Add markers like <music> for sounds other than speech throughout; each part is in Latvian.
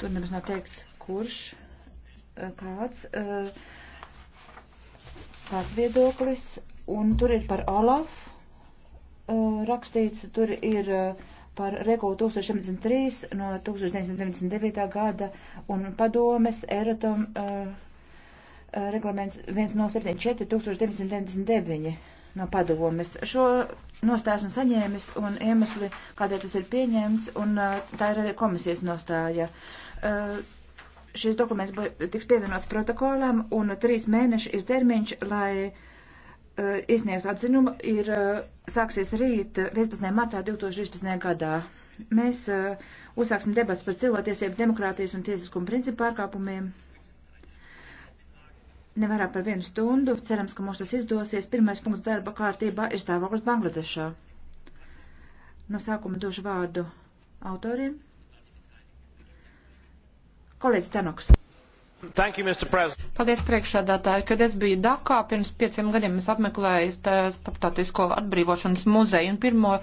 Tur nemaz nav teikts, kurš, eh, kāds, eh, kāds viedoklis. Un tur ir par Olaf eh, rakstīts, tur ir par regulu 1073 no 1999. gada un padomes Eratom reglaments 1 no 74 1999 no padomes. Šo nostājas un saņēmis un iemesli, kādēļ tas ir pieņemts, un uh, tā ir arī komisijas nostāja. Uh, šis dokuments tiks pievienots protokolam, un trīs mēneši ir termiņš, lai uh, izsniegt atzinumu, ir sāksies rīt 11. martā 2013. gadā. Mēs uzsāksim debats par cilvēktiesību, demokrātijas un tiesiskuma principu pārkāpumiem nevairāk par vienu stundu. Cerams, ka mums tas izdosies. Pirmais punkts darba kārtībā ir stāvoklis Bangladešā. No sākuma došu vārdu autoriem. Kolēģis Tanoks. You, Paldies priekšsēdētāji. Kad es biju Dakā pirms pieciem gadiem, es apmeklēju starptautisko atbrīvošanas muzeju un pirmo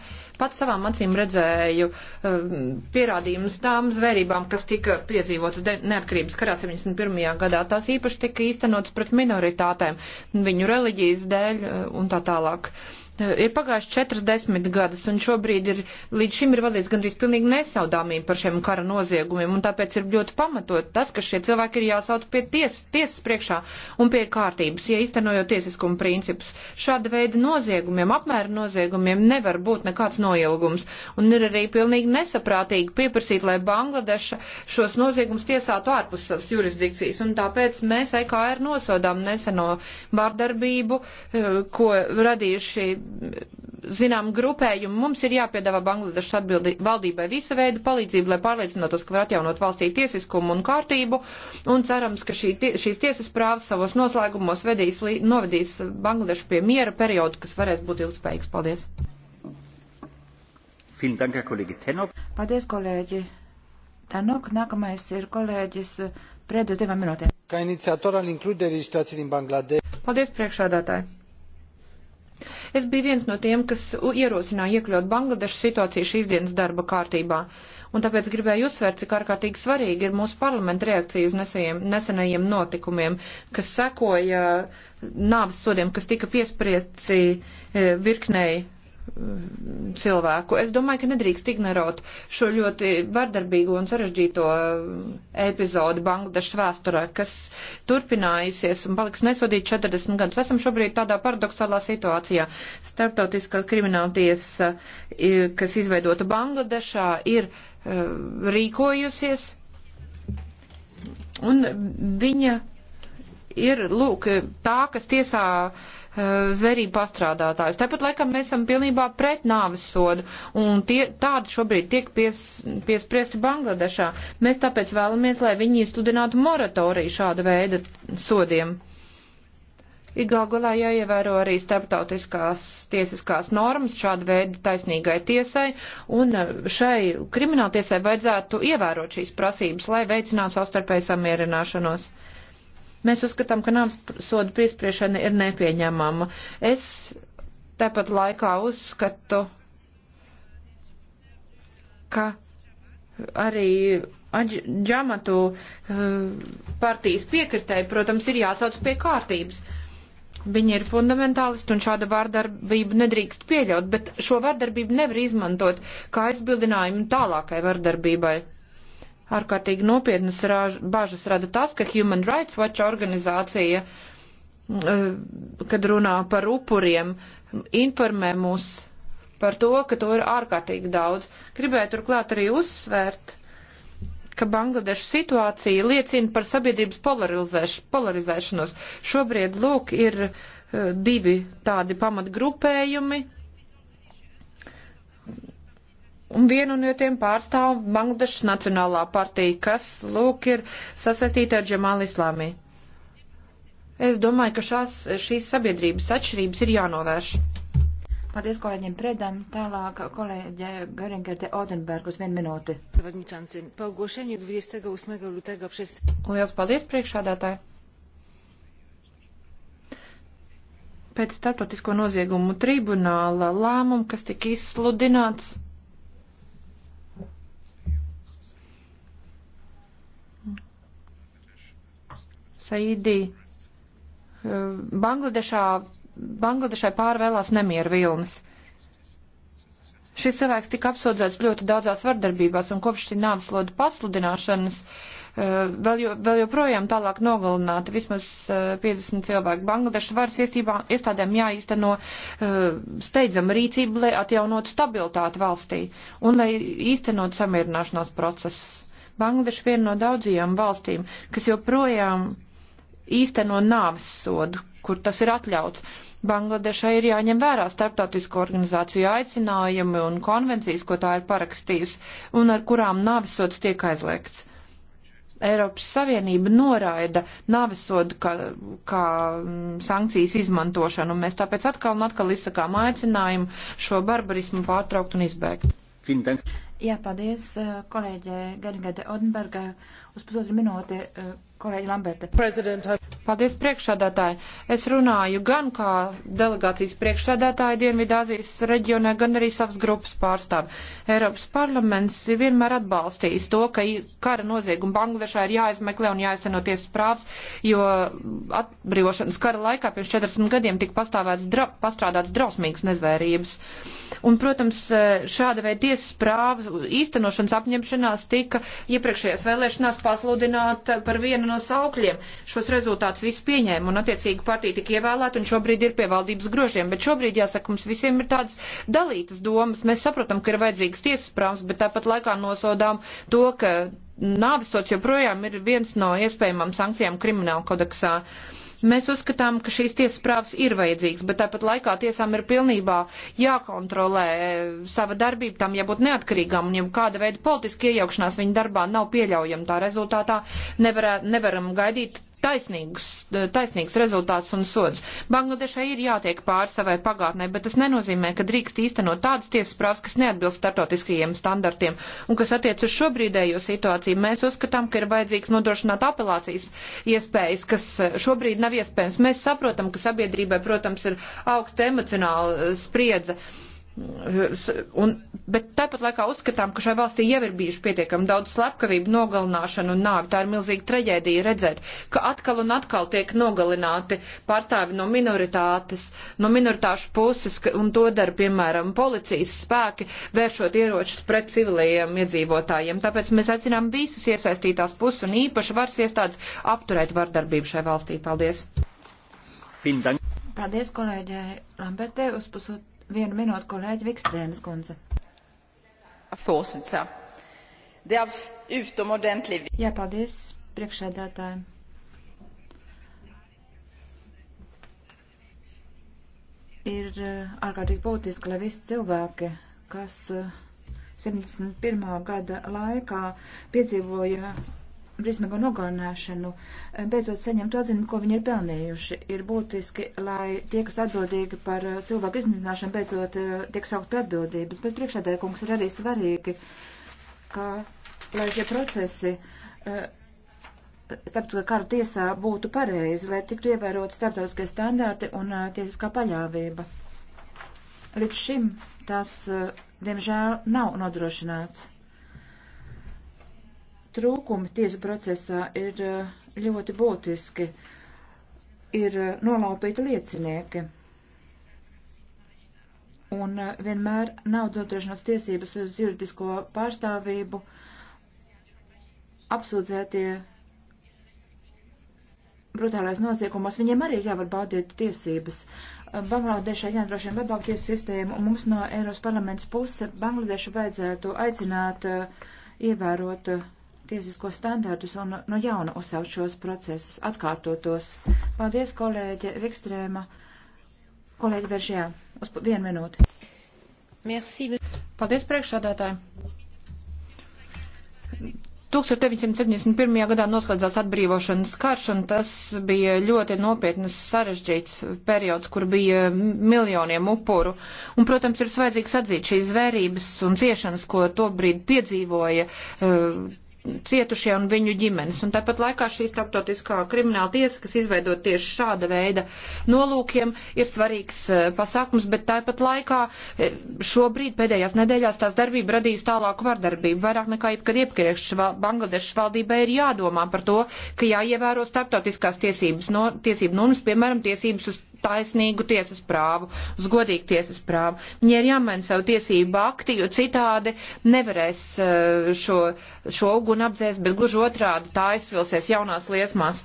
pat savām acīm redzēju uh, pierādījumus tām zvērībām, kas tika piedzīvotas neatkarības karā 71. gadā. Tās īpaši tika īstenotas pret minoritātēm, viņu reliģijas dēļ uh, un tā tālāk. Uh, Ir pagājuši 40 gadus, un šobrīd ir, līdz šim ir vadīts gandrīz pilnīgi nesaudāmība par šiem kara noziegumiem, un tāpēc ir ļoti pamatot tas, ka šie cilvēki ir jāsauc pie ties, tiesas priekšā un pie kārtības, ja iztenojot tiesiskuma principus. Šāda veida noziegumiem, apmēra noziegumiem nevar būt nekāds noilgums, un ir arī pilnīgi nesaprātīgi pieprasīt, lai Bangladeša šos noziegumus tiesātu ārpus savas jurisdikcijas, un tāpēc mēs EKR nosaudām neseno vārdarbību, eh, ko radījuši zinām grupējumu. Mums ir jāpiedāvā Bangladešas atbildi valdībai visa veida palīdzību, lai pārliecinātos, ka var atjaunot valstī tiesiskumu un kārtību. Un cerams, ka šī, tie, šīs tiesas prāvas savos noslēgumos vedīs, novedīs Bangladešu pie miera periodu, kas varēs būt ilgspējīgs. Paldies! Paldies, kolēģi! Tanok, nākamais ir kolēģis Prēdus divām minūtēm. Kā iniciator al includerii situācijas din Bangladesh. Paldies, priekšādātāji! Es biju viens no tiem, kas ierosināja iekļaut Bangladešu situāciju šīs dienas darba kārtībā, un tāpēc gribēju uzsvērt, cik ārkārtīgi svarīgi ir mūsu parlamenta reakcija uz nesajiem, nesenajiem notikumiem, kas sekoja nāves sodiem, kas tika piespriesti e, virknei cilvēku. Es domāju, ka nedrīkst ignorot šo ļoti vardarbīgo un sarežģīto eh, epizodi Bangladešas vēsturē, kas turpinājusies un paliks nesodīt 40 gadus. Esam šobrīd tādā paradoxālā situācijā. Starptautiskā krimināla tiesa, kas izveidota Bangladešā, ir eh, rīkojusies un viņa ir, lūk, tā, kas tiesā uh, Eh, zverību pastrādātājus. Tāpat laikam mēs esam pilnībā pret nāves sodu, un tie, tādi šobrīd tiek pies, piespriesti Bangladešā. Mēs tāpēc vēlamies, lai viņi izsludinātu moratoriju šāda veida sodiem. Igalgulā jāievēro arī starptautiskās tiesiskās normas šāda veida taisnīgai tiesai, un eh, šai krimināltiesai vajadzētu ievērot šīs prasības, lai veicinātu savstarpēju samierināšanos. Mēs uzskatām, ka nāves sodu piespriešana ir nepieņemama. Es tāpat laikā uzskatu, ka arī džamatu eh, partijas piekritēji, protams, ir jāsauc pie kārtības. Viņi ir fundamentālisti un šāda vārdarbība nedrīkst pieļaut, bet šo vārdarbību nevar izmantot kā aizbildinājumu tālākai vārdarbībai ārkārtīgi nopietnas rāž, bažas rada tas, ka Human Rights Watch organizācija, mm, eh, kad runā par upuriem, informē mūs par to, ka to ir ārkārtīgi daudz. Gribēju turklāt arī uzsvērt, ka Bangladešas situācija liecina par sabiedrības polarizēš, polarizēšanos. Šobrīd, lūk, ir eh, divi tādi pamatgrupējumi Un vienu no tiem pārstāv Bangladešas Nacionālā partija, kas, lūk, ir sasaistīta ar Džemālu Islāmī. Es domāju, ka šās, šīs sabiedrības atšķirības ir jānovērš. Paldies kolēģiem Predam. Tālāk kolēģe Garingerte Odenberg uz vienu minūti. Lielas paldies priekšādātāji. Pēc starptautisko noziegumu tribunāla lēmumu, kas tika izsludināts Saidī eh, Bangladešā, Bangladešai pārvēlās nemieru vilnis. Šis cilvēks tika apsūdzēts ļoti daudzās vardarbībās, un kopš šī nāveslodu pasludināšanas eh, vēl, jo, vēl joprojām tālāk nogalināti vismaz 50 eh, cilvēki. Bangladešas varas iestībā, iestādēm jāīsteno steidzama rīcība, lai atjaunotu stabilitāti valstī un lai īstenot samierināšanās procesus. Bangladeša viena no daudzajām valstīm, kas joprojām īsteno nāves sodu, kur tas ir atļauts. Bangladešai ir jāņem vērā starptautisko organizāciju aicinājumi un konvencijas, ko tā ir parakstījusi, un ar kurām nāvisods tiek aizliegts. Eiropas Savienība noraida nāvisodu kā, kā mm, sankcijas izmantošanu, un mēs tāpēc atkal un atkal izsakām aicinājumu šo barbarismu pārtraukt un izbēgt. Jā, paldies kolēģē Gerigade Odenberga. Uz pusotru minūti eh, Kolēģi Lamberta. Presidenta. Uh, Paldies priekšādātāji. Es runāju gan kā delegācijas priekšādātāja Dienvidāzijas reģionē, gan arī savas grupas pārstāvi. Eiropas parlaments vienmēr atbalstījis to, ka kara nozieguma Bangladešā ir jāizmeklē un jāizceno tiesas prāvs, jo atbrīvošanas kara laikā pirms 40 gadiem tika pastāvēts dra pastrādāts drausmīgas nezvērības. Un, protams, e, šāda veida tiesas prāvas īstenošanas apņemšanās tika iepriekšējās vēlēšanās pasludināta par vienu vienu no saukļiem. Šos rezultātus visi pieņēma un attiecīgi partija tika ievēlēta un šobrīd ir pie valdības grožiem. Bet šobrīd, jāsaka, mums visiem ir tādas dalītas domas. Mēs saprotam, ka ir vajadzīgas tiesas prāmas, bet tāpat laikā nosodām to, ka nāvisots joprojām ir viens no iespējamām sankcijām krimināla kodeksā. Uh, Mēs uzskatām, ka šīs tiesas prāvas ir vajadzīgs, bet tāpat laikā tiesām ir pilnībā jākontrolē e, sava darbība, tam jābūt neatkarīgām, un ja kāda veida politiska iejaukšanās viņa darbā nav pieļaujama, tā rezultātā nevarā, nevaram gaidīt taisnīgus, taisnīgus rezultātus un sodus. Bangladešai ir jātiek pāri savai pagātnē, bet tas nenozīmē, ka drīkst īstenot tādas tiesas prāvas, kas neatbilst startautiskajiem standartiem un kas attiec uz šobrīdējo situāciju. Mēs uzskatām, ka ir vajadzīgs nodrošināt apelācijas iespējas, kas šobrīd nav iespējams. Mēs saprotam, ka sabiedrībai, protams, ir augsta emocionāla spriedze. Uh, Un, bet tāpat laikā uzskatām, ka šai valstī jau ir bijuši pietiekami daudz slepkavību, nogalināšanu un nāvi. Tā ir milzīga traģēdija redzēt, ka atkal un atkal tiek nogalināti pārstāvi no minoritātes, no minoritāšu puses, un to dara, piemēram, policijas spēki, vēršot ieročus pret civilajiem iedzīvotājiem. Tāpēc mēs aicinām visas iesaistītās puses un īpaši varas iestādes apturēt vardarbību šai valstī. Paldies! Paldies, kolēģi Lambertē, uz pusotru Vienu minūtu kolēģi Vikstrēnas kundze. Jā, paldies priekšsēdētājiem. ir eh, ārkārtīgi būtiski, lai visi cilvēki, kas 71. Eh, gada laikā piedzīvoja briesmīgo nogalināšanu, eh, beidzot saņemtu atzinumu, ko viņi ir pelnījuši. Ir būtiski, lai tie, kas atbildīgi par eh, cilvēku iznīcināšanu, beidzot eh, tiek saukt pie atbildības, bet priekšādēļ kungs ir arī svarīgi, ka, lai šie procesi starptautiskā kara tiesā būtu pareizi, lai tiktu ievērot starptautiskie standarti un tiesiskā paļāvība. Līdz šim tas, diemžēl, nav nodrošināts Trūkumi tiesu procesā ir eh, ļoti būtiski. Ir eh, nolaupīti liecinieki. Un eh, vienmēr nav dotrašanās tiesības uz juridisko pārstāvību. Apsūdzētie brutālais noziegumos, viņiem arī jāvar baudīt tiesības. Bangladešā jānodrošina labāk tiesu sistēmu, un mums no Eiropas parlaments puse Bangladešu vajadzētu aicināt uh, ievērot uh, tiesisko standārtus un no jauna uzsākt šos procesus, atkārtotos. Paldies, kolēģe Vikstrēma. Kolēģi Veržjā, uz vienu minūti. Merci. Paldies, priekšādātāji. 1971. gadā noslēdzās atbrīvošanas karš, un tas bija ļoti nopietnas sarežģīts periods, kur bija miljoniem upuru. Un, protams, ir svaidzīgs atzīt šīs zvērības un ciešanas, ko tobrīd piedzīvoja. Uh, cietušie un viņu ģimenes. Un tāpat laikā šī starptautiskā krimināla tiesa, kas izveidot tieši šāda veida nolūkiem, ir svarīgs eh, pasākums, bet tāpat laikā eh, šobrīd pēdējās nedēļās tās darbība radījusi tālāku vardarbību. Vairāk nekā jebkad iepriekš Bangladešas valdībai ir jādomā par to, ka jāievēro starptautiskās tiesības, no, tiesību normas, piemēram, tiesības uz taisnīgu tiesas prāvu, uz godīgu tiesas prāvu. Viņai ir jāmaina savu tiesību akti, jo citādi nevarēs eh, šo, šo uguni apdzēst, bet gluži otrādi tā aizvilsies jaunās liesmās.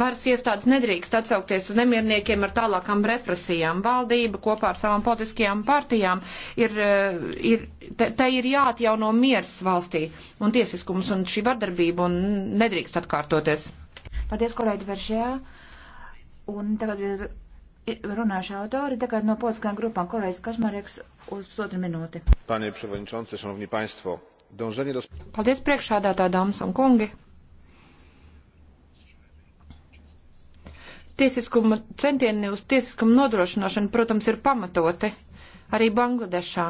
Varas iestādes nedrīkst atsaukties uz nemierniekiem ar tālākām represijām. Valdība kopā ar savām politiskajām partijām ir, eh, ir te, te ir jāatjauno miers valstī un tiesiskums un šī vardarbība un nedrīkst atkārtoties. Paldies, kolēģi Veržē. Un tagad ir runāšu autori, tagad no polskām grupām kolēģis Kašmareks uz pusotru minūti. Panie Przewodniczący, Szanowni Państwo, dążenie do... Paldies priekšādātā, dāmas un kungi. Tiesiskuma centieni uz tiesiskumu nodrošināšanu, protams, ir pamatoti arī Bangladešā.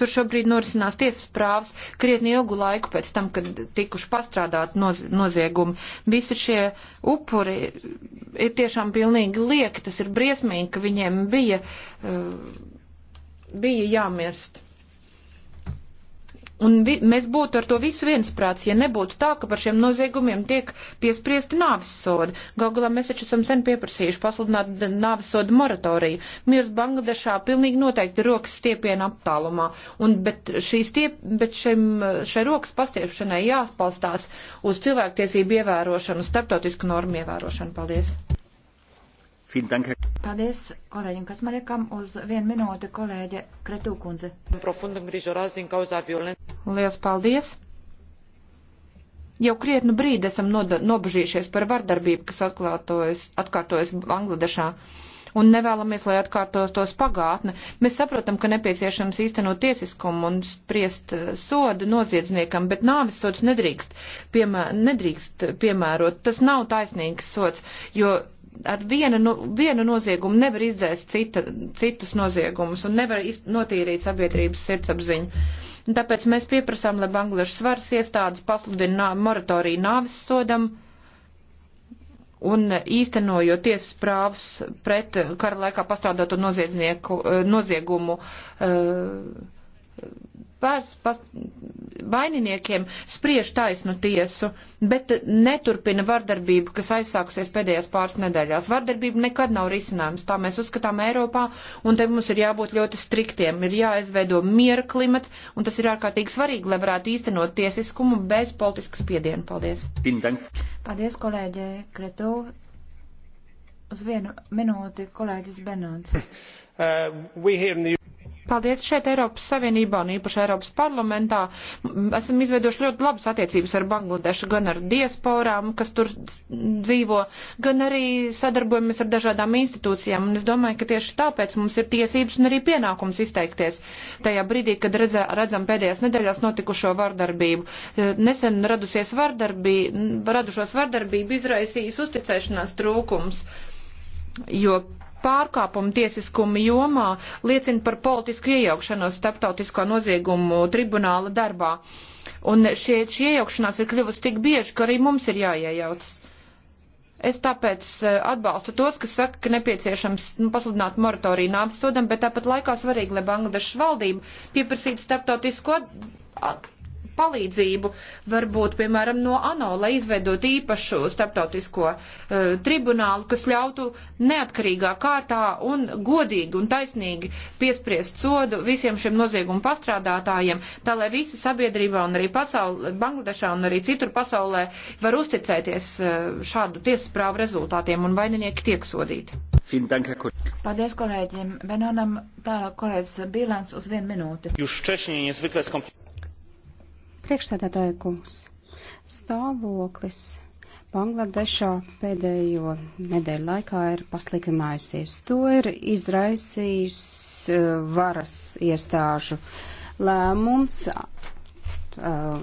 Tur šobrīd norisinās tiesas prāvas krietni ilgu laiku pēc tam, kad tikuši pastrādāti noz noziegumi. Visi šie upuri ir tiešām pilnīgi lieki, tas ir briesmīgi, ka viņiem bija, uh, bija jāmirst. Un vi, mēs būtu ar to visu viensprāts, ja nebūtu tā, ka par šiem noziegumiem tiek piespriesti nāvis sodi. Galgulā mēs taču esam sen pieprasījuši pasludināt nāvis sodu moratoriju. Mirs Bangladešā pilnīgi noteikti rokas stiepiena aptālumā. Un, bet šī stiep, bet šim, šai rokas pastiepšanai jāpalstās uz cilvēktiesību ievērošanu, starptautisku normu ievērošanu. Paldies! Paldies kolēģim Kasmariekam. Uz vienu minūti kolēģe Kretūkundze. Lielas paldies! Jau krietnu brīdi esam nobežījušies par vardarbību, kas atklātojas, atkārtojas Bangladešā un nevēlamies, lai atkārtotos pagātne. Mēs saprotam, ka nepieciešams īstenot tiesiskumu un spriest eh, sodu noziedzniekam, bet nāvis sods nedrīkst, piemē, nedrīkst piemērot. Tas nav taisnīgs sods, jo ar viena, no, nu, viena noziegumu nevar izdzēst cita, citus noziegumus un nevar iz, notīrīt sabiedrības sirdsapziņu. Un tāpēc mēs pieprasām, lai Bangladešas varas iestādes pasludina moratoriju nāvis sodam un īstenojot tiesas prāvus pret kara laikā pastrādāto noziedznieku eh, noziegumu. Uh, pārs, pas, vaininiekiem spriež taisnu tiesu, bet neturpina vardarbību, kas aizsākusies pēdējās pāris nedēļās. Vardarbība nekad nav risinājums, tā mēs uzskatām Eiropā, un te mums ir jābūt ļoti striktiem, ir jāizveido miera klimats, un tas ir ārkārtīgi svarīgi, lai varētu īstenot tiesiskumu bez politiskas spiediena. Paldies! Paldies, kolēģe Kretu! Uz vienu minūti kolēģis Benants. <laughs> Uh, Paldies šeit Eiropas Savienībā un īpaši Eiropas parlamentā. Esam izveidojuši ļoti labas attiecības ar Bangladešu, gan ar diasporām, kas tur dzīvo, gan arī sadarbojamies ar dažādām institūcijām. Un es domāju, ka tieši tāpēc mums ir tiesības un arī pienākums izteikties tajā brīdī, kad redzē, redzam pēdējās nedēļās notikušo vardarbību. E, nesen radusies vardarbība, radušos vardarbību izraisījis uzticēšanās trūkums, jo pārkāpumu tiesiskumu jomā liecina par politisku iejaukšanos starptautiskā noziegumu tribunāla darbā. Un šie, šie iejaukšanās ir kļuvusi tik bieži, ka arī mums ir jāiejaucas. Es tāpēc e, atbalstu tos, kas saka, ka nepieciešams nu, pasludināt moratoriju nāvis sodam, bet tāpat laikā svarīgi, lai Bangladešas valdība pieprasītu starptautisko at, at, palīdzību, varbūt, piemēram, no ANO, lai izveidot īpašu starptautisko uh, tribunālu, kas ļautu neatkarīgā kārtā un godīgi un taisnīgi piespriest sodu visiem šiem noziegumu pastrādātājiem, tā lai visi sabiedrībā un arī pasaulē, Bangladešā un arī citur pasaulē var uzticēties uh, šādu tiesasprāvu rezultātiem un vaininieki tiek sodīti. Paldies kolēģiem. Benonam tālāk kolēģis Bilans uz vienu minūti. Jūs šķešņi, es viklēs komplikāciju. Priekšsēdētāja kungs, stāvoklis Bangladešā pēdējo nedēļu laikā ir pasliktinājusies. To ir izraisījis eh, varas iestāžu lēmums. Uh,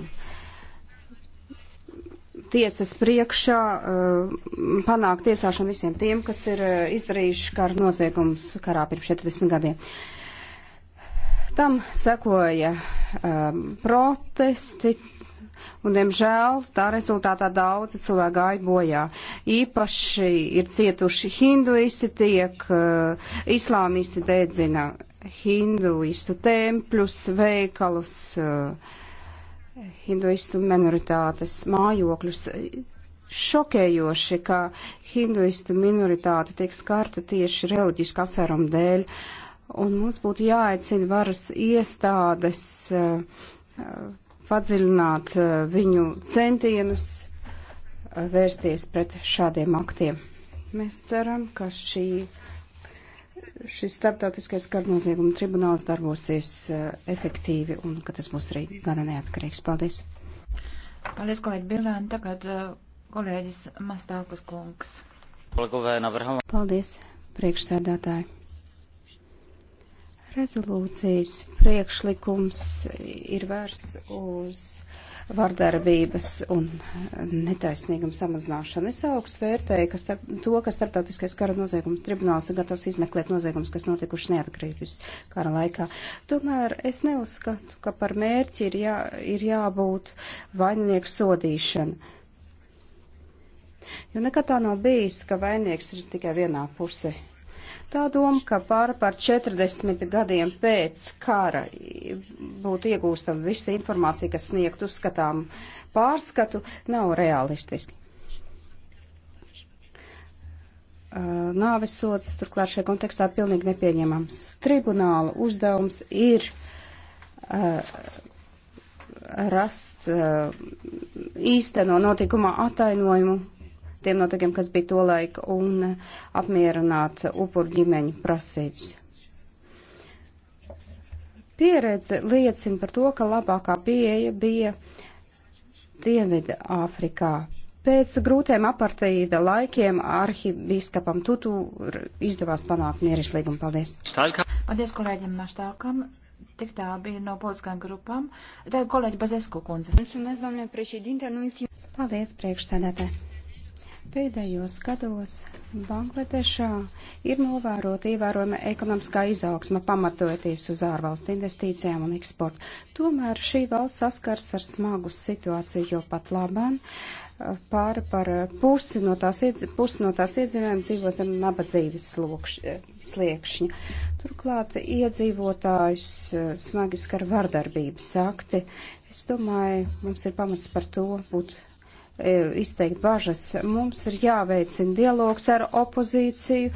tiesas priekšā uh, panākt tiesāšanu visiem tiem, kas ir izdarījuši karu noziegums karā pirms 40 gadiem. Uh, Tam sekoja um, protesti, un, diemžēl, tā rezultātā daudzi cilvēki gāja bojā. Īpaši ir cietuši hinduisti, tiek uh, islāmisti dedzina hinduistu tempļus, veikalus, uh, hinduistu minoritātes mājokļus. Šokējoši, ka hinduistu minoritāte tiek skarta tieši reliģisku apsvērumu dēļ. Uh, un mums būtu jāaicina varas iestādes eh, padziļināt eh, viņu centienus eh, vērsties pret šādiem aktiem. Mēs ceram, ka šī, šis starptautiskais kardnozieguma tribunāls darbosies efektīvi un ka tas būs arī gana neatkarīgs. Paldies! Paldies, kolēģi Bilēni. Tagad kolēģis Mastākus kungs. Paldies, priekšsēdētāji! Rezolūcijas priekšlikums ir vērsts uz vardarbības un netaisnīguma samazināšanu. Es augstu vērtēju ka starp, to, ka starptautiskais kara nozieguma tribunāls ir gatavs izmeklēt noziegumus, kas notikuši neatkarības kara laikā. Tomēr es neuzskatu, ka par mērķi ir, jā, ir jābūt vaininieku sodīšana. Jo nekad tā nav bijis, ka vainīgs ir tikai vienā pusē Tā doma, ka pār par 40 gadiem pēc kara būtu iegūstama visa informācija, kas sniegt uzskatām pārskatu, nav realistiski. Uh, Nāvisots turklāt šajā kontekstā pilnīgi nepieņemams. Tribunāla uzdevums ir uh, rast uh, īsteno notikuma atainojumu tiem notikiem, kas bija tolaik, un apmierināt upuru ģimeņu prasības. Pieredze liecina par to, ka labākā pieeja bija Dienvidā Āfrikā. Pēc grūtiem apartīda laikiem arhibiskapam Tutu izdevās panākt mierislīgumu. Paldies! Paldies kolēģim Maštākam! Tik tā bija no politiskām grupām. Tā ir kolēģi Bazesku kundze. Paldies, priekšsēdētāji! Pēdējos gados Bangladešā ir novērota ievērojama ekonomiskā izaugsma, pamatojoties uz ārvalstu investīcijām un eksportu. Tomēr šī valsts saskars ar smagu situāciju, jo pat labam eh, pāri par pusi no tās, pusi no tās iedzīvotājiem dzīvo zem nabadzības sliekšņa. Turklāt iedzīvotājus eh, smagi skar vardarbības akti. Es domāju, mums ir pamats par to būt E, izteikt bažas. Mums ir jāveicina dialogs ar opozīciju,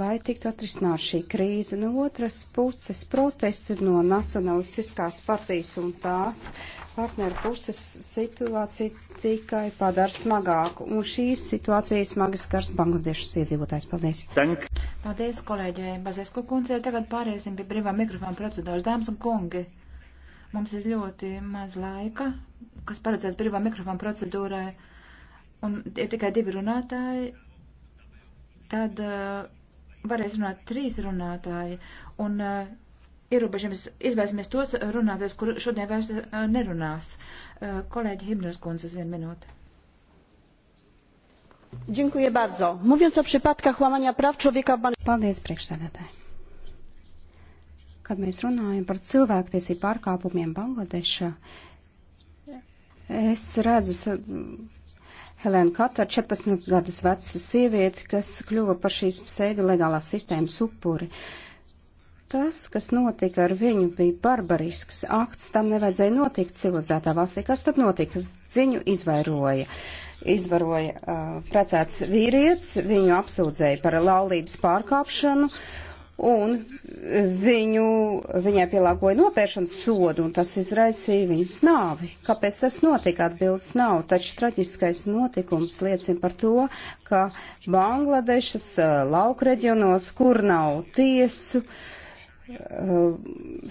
lai tiktu atrisināt šī krīze. No otras puses protesti no nacionalistiskās partijas un tās partneru puses situācija tikai padara smagāku. Un šī situācija smagi skars Bangladešas iedzīvotājs. Paldies. Dank. Paldies kolēģei Bazesku kundzei. Tagad pāriesim pie brīvā mikrofona procedūras. Dāmas un kungi. Mums ir ļoti maz laika, kas paredzēts brīvā mikrofona procedūrai, un ir tikai divi runātāji. Tad uh, varēs runāt trīs runātāji, un uh, eh, ierobežamies, izvēlēsimies tos runātājus, kur šodien vairs uh, nerunās. Uh, kolēģi Himners kundze uz vienu minūti. Dziękuję bardzo. Mówiąc o przypadkach łamania praw człowieka w Bangladeszu. Kad mēs runājam par cilvēktiesību pārkāpumiem Bangladešā, es redzu Helēnu Kataru, 14 gadus vecu sievieti, kas kļuva par šīs pseidu legālās sistēmas upuri. Tas, kas notika ar viņu, bija barbarisks akts, tam nevajadzēja notikt civilizētā valstī. Kas tad notika? Viņu izvairoja. Izvaroja uh, precēts vīrietis, viņu apsūdzēja par laulības pārkāpšanu. Uh, un viņu, viņai pielāgoja nopēršanas sodu, un tas izraisīja viņas nāvi. Kāpēc tas notika, atbildes nav, taču traģiskais notikums liecina par to, ka Bangladešas lauka reģionos, kur nav tiesu,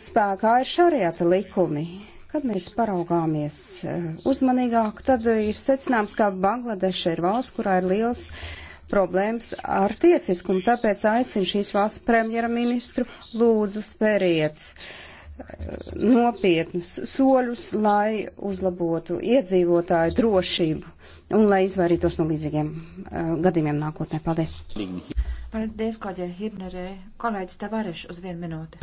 spēkā ir šariata likumi. Kad mēs paraugāmies uzmanīgāk, tad ir secināms, ka Bangladeša ir valsts, kurā ir liels uh, problēmas ar tiesiskumu. Tāpēc aicinu šīs valsts premjeraministru lūdzu spēriet eh, nopietnus soļus, lai uzlabotu iedzīvotāju drošību un lai izvairītos no līdzīgiem uh, gadījumiem nākotnē. Paldies! Paldies, kolēģi Hibnerē. Kolēģis Tavareš uz vienu minūti.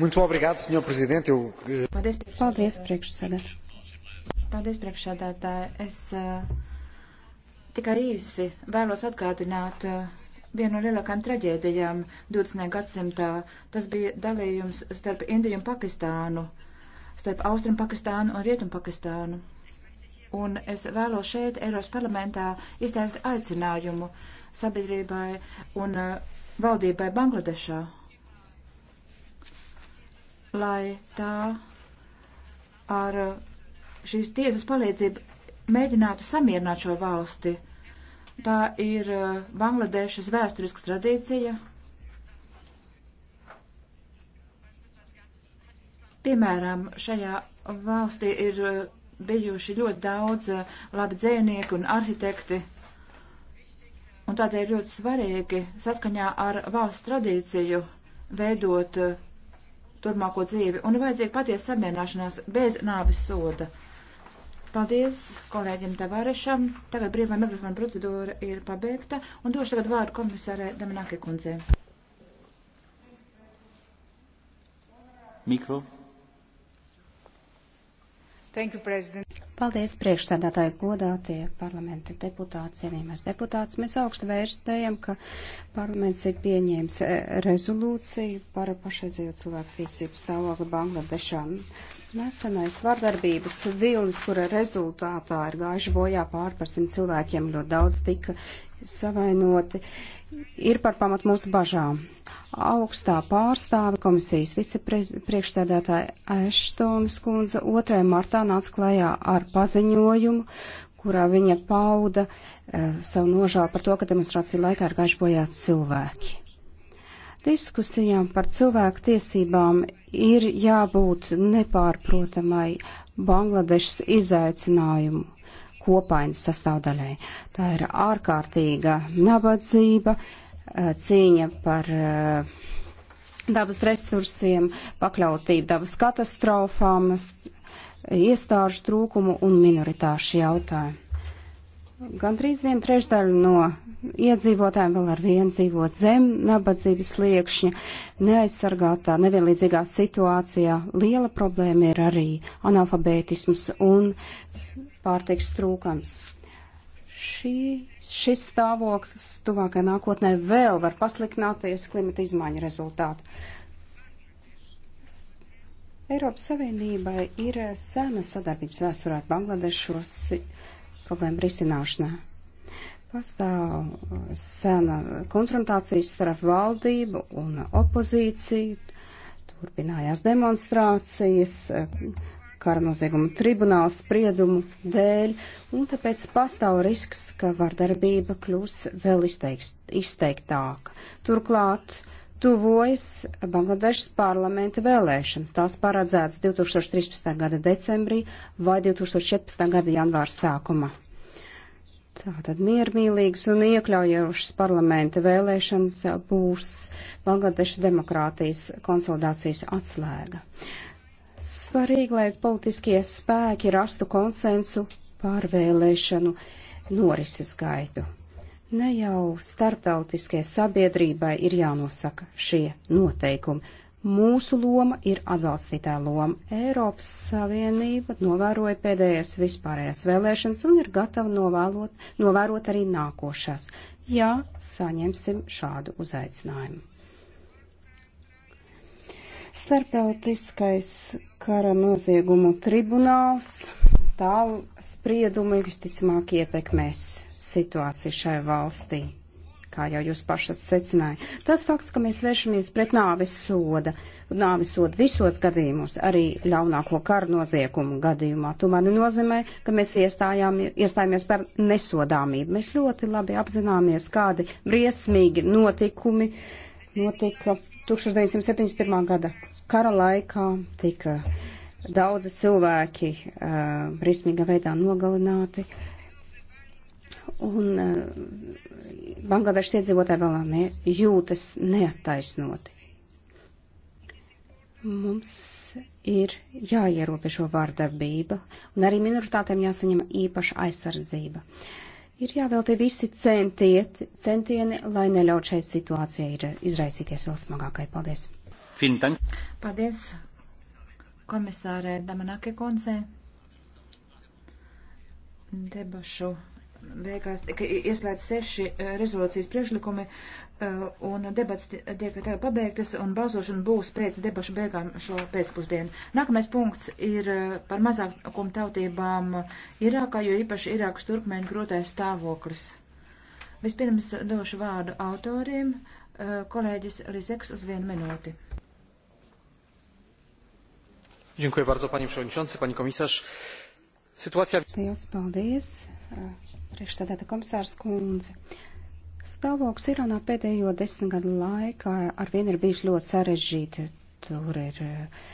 Muito obrigado, senhor presidente. Eu... Eh, Paldies, priekšsēdētāji. Paldies, priekšsēdētāji. Es uh, Tikai īsi vēlos atgādināt eh, vienu no lielākām traģēdijām 20. gadsimtā. Tas bija dalījums starp Indiju un Pakistānu, starp Austrum Pakistānu un Rietum Pakistānu. Un es vēlos šeit, Eiros parlamentā, izteikt aicinājumu sabiedrībai un eh, valdībai Bangladešā, lai tā ar eh, šīs tiesas palīdzību mēģinātu samierināt šo valsti. Tā ir uh, Bangladešas vēsturiska tradīcija. Piemēram, šajā valstī ir uh, bijuši ļoti daudz uh, labi dzēnieki un arhitekti. Un tādēļ ļoti svarīgi saskaņā ar valsts tradīciju veidot turpmāko dzīvi un vajadzīga patiesa samierināšanās bez nāvis soda. Paldies kolēģim Tavarešam. Tagad brīvā mikrofona procedūra ir pabeigta un došu tagad vārdu komisārai Damanaki kundzei. Mikro. You, Paldies priekšsēdētāji godātie parlamenta deputāti, cienījumais deputāts. Mēs augstu vērstējam, ka parlaments ir pieņēmis eh, rezolūciju par pašreizējo cilvēku tiesību stāvokli Bangladešā. Nesenais vardarbības vilnis, kura rezultātā ir gājuši bojā pār par simt cilvēkiem, ļoti daudz tika savainoti, ir par pamat mūsu bažām augstā pārstāve komisijas vicepriekšsēdētāja Eštonas kundze 2. martā nāca klajā ar paziņojumu, kurā viņa pauda eh, savu nožēlu par to, ka demonstrācija laikā ir gaiši bojāti cilvēki. Diskusijām par cilvēku tiesībām ir jābūt nepārprotamai Bangladešas izaicinājumu kopainas sastāvdaļai. Tā ir ārkārtīga nabadzība, eh, Eh, cīņa par eh, dabas resursiem, pakļautību dabas katastrofām, iestāžu trūkumu un minoritāšu jautājumu. Gandrīz vien trešdaļa no iedzīvotājiem vēl ar vienu dzīvo zem nabadzības sliekšņa, neaizsargātā, nevienlīdzīgā situācijā. Liela problēma ir arī analfabētisms un pārtiks trūkums. Šī, šis stāvoklis tuvākajā nākotnē vēl var pasliktināties klimata izmaiņu rezultātu. Eiropas Savienībai ir sena sadarbības vēsturē ar Bangladešu problēmu risināšanā. Pastāv uh, sena konfrontācijas starp valdību un opozīciju, turpinājās demonstrācijas, uh, kara nozieguma tribunāla spriedumu dēļ, un tāpēc pastāv risks, ka vardarbība kļūs vēl izteiktāka. Turklāt tuvojas Bangladešas parlamenta vēlēšanas. Tās paredzētas 2013. gada decembrī vai 2014. gada janvāra sākumā. Tātad miermīlīgas un iekļaujošas parlamenta vēlēšanas būs Bangladešas demokrātijas konsolidācijas atslēga. Svarīgi, lai politiskie spēki rastu konsensu pārvēlēšanu norises gaitu. Ne jau starptautiskajai sabiedrībai ir jānosaka šie noteikumi. Mūsu loma ir atbalstītā loma. Eiropas Savienība novēroja pēdējās vispārējās vēlēšanas un ir gatava novēlot, novērot arī nākošās, ja saņemsim šādu uzaicinājumu. Starptautiskais kara noziegumu tribunāls tālu spriedumi visticamāk ietekmēs situāciju šai valstī, kā jau jūs pašas secināja. Tas fakts, ka mēs vēršamies pret nāves soda, nāves soda visos gadījumos, arī ļaunāko kara noziegumu gadījumā, tomēr nenozīmē, ka mēs iestājāmies par nesodāmību. Mēs ļoti labi apzināmies, kādi briesmīgi notikumi uh, notika 1971. gada kara laikā, tika daudzi cilvēki uh, rismīga veidā nogalināti. Un uh, Bangladešas iedzīvotāji vēl ne, jūtas neattaisnoti. Mums ir jāierobežo vārdarbība, un arī minoritātēm jāsaņem īpaša aizsardzība. Uh, Ir jāvelti visi centiet, centieni, lai neļaut šai situācijai ir izraisīties vēl smagākai. Paldies! Fintan. Paldies komisārē Damanake koncē. Debašu beigās tika ieslēgts seši eh, rezolūcijas priekšlikumi, eh, un debats tiek tagad pabeigtas, un balsošana būs pēc debašu beigām šo pēcpusdienu. Nākamais punkts ir eh, par mazākumu tautībām Irākā, jo īpaši Irākas turkmēņu grūtais stāvoklis. Vispirms došu vārdu autoriem, kolēģis Lizeks uz vienu minūti. Dziękuję bardzo, panie przewodniczący, pani komisarz. Sytuacja. Paldies priekšstādāta komisārs kundze. Stāvoklis Irānā pēdējo desmit gadu laikā ar vienu ir bijis ļoti sarežģīti. Tur ir uh,